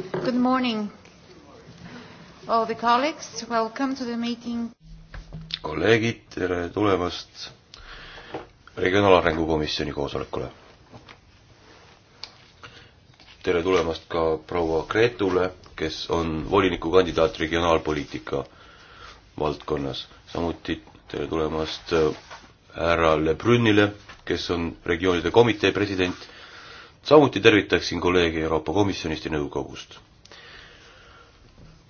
Good morning, all the colleagues. Welcome to the meeting. kolleegid, tere tulemast Regionaalarengu Komisjoni koosolekule. tere tulemast ka proua Gretule, kes on volinikukandidaat regionaalpoliitika valdkonnas. samuti tere tulemast härra Le Brünile, kes on regioonide komitee president samuti tervitaksin kolleege Euroopa Komisjonist ja nõukogust.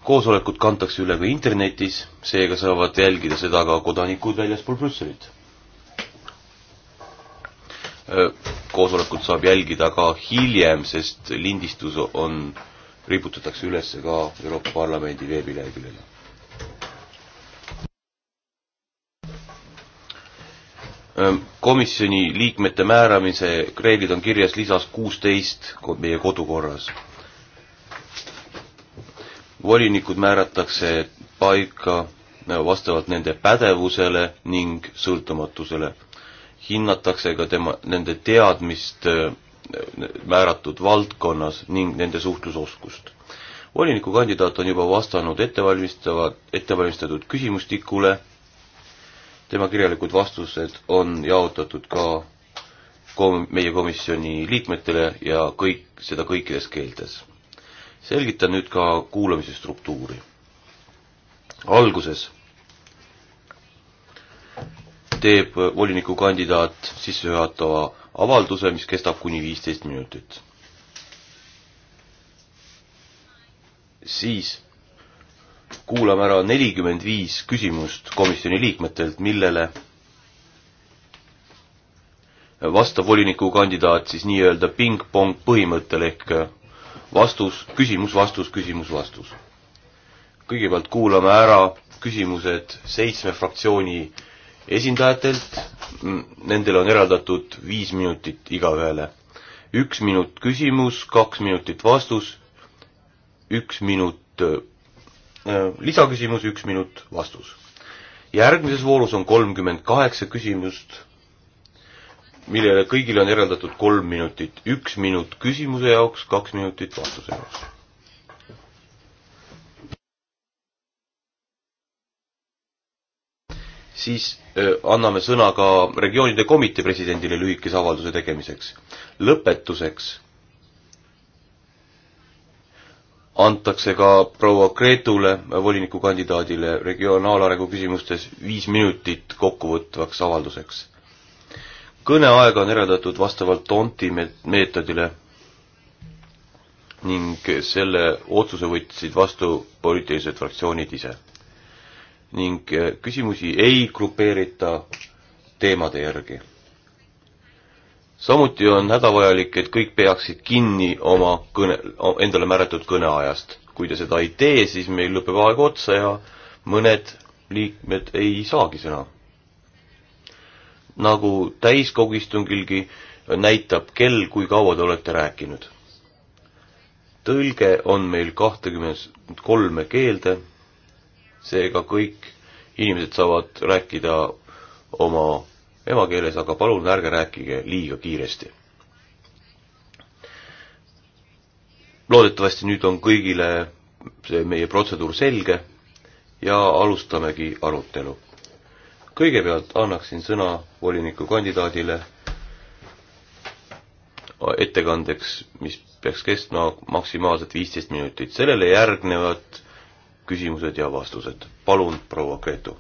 koosolekud kantakse üle ka internetis, seega saavad jälgida seda ka kodanikud väljaspool Brüsselit. koosolekut saab jälgida ka hiljem, sest lindistus on, riputatakse üles ka Euroopa Parlamendi veebileheküljele komisjoni liikmete määramise reeglid on kirjas lisas kuusteist meie kodukorras. volinikud määratakse paika vastavalt nende pädevusele ning sõltumatusele. hinnatakse ka tema, nende teadmist määratud valdkonnas ning nende suhtlusoskust. volinikukandidaat on juba vastanud ettevalmistava, ettevalmistatud küsimustikule tema kirjalikud vastused on jaotatud ka kom-, meie komisjoni liikmetele ja kõik, seda kõikides keeltes. selgitan nüüd ka kuulamise struktuuri. alguses teeb volinikukandidaat sissejuhatava avalduse, mis kestab kuni viisteist minutit. siis kuulame ära nelikümmend viis küsimust komisjoni liikmetelt, millele vastav volinikukandidaat siis nii-öelda ping-pong põhimõttel ehk vastus, küsimus, vastus, küsimus, vastus. kõigepealt kuulame ära küsimused seitsme fraktsiooni esindajatelt, nendele on eraldatud viis minutit igaühele. üks minut küsimus, kaks minutit vastus, üks minut Äh, lisaküsimus, üks minut vastus. järgmises voorus on kolmkümmend kaheksa küsimust, millele kõigile on eraldatud kolm minutit, üks minut küsimuse jaoks, kaks minutit vastuse jaoks. siis äh, anname sõna ka regioonide komitee presidendile lühikese avalduse tegemiseks. lõpetuseks antakse ka proua Gretule, volinikukandidaadile regionaalarengu küsimustes, viis minutit kokkuvõtvaks avalduseks. kõneaega on eraldatud vastavalt Tonti meetodile ning selle otsuse võtsid vastu poliitilised fraktsioonid ise. ning eh, küsimusi ei grupeerita teemade järgi samuti on hädavajalik, et kõik peaksid kinni oma kõne, endale määratud kõneajast. kui te seda ei tee, siis meil lõpeb aeg otsa ja mõned liikmed ei saagi sõna. nagu täiskogu istungilgi näitab kell, kui kaua te olete rääkinud. tõlge on meil kahtekümmend kolme keelde, seega kõik inimesed saavad rääkida oma emakeeles, aga palun ärge rääkige liiga kiiresti. loodetavasti nüüd on kõigile see meie protseduur selge ja alustamegi arutelu. kõigepealt annaksin sõna volinikukandidaadile ettekandeks, mis peaks kestma maksimaalselt viisteist minutit. sellele järgnevad küsimused ja vastused. palun, proua Gretu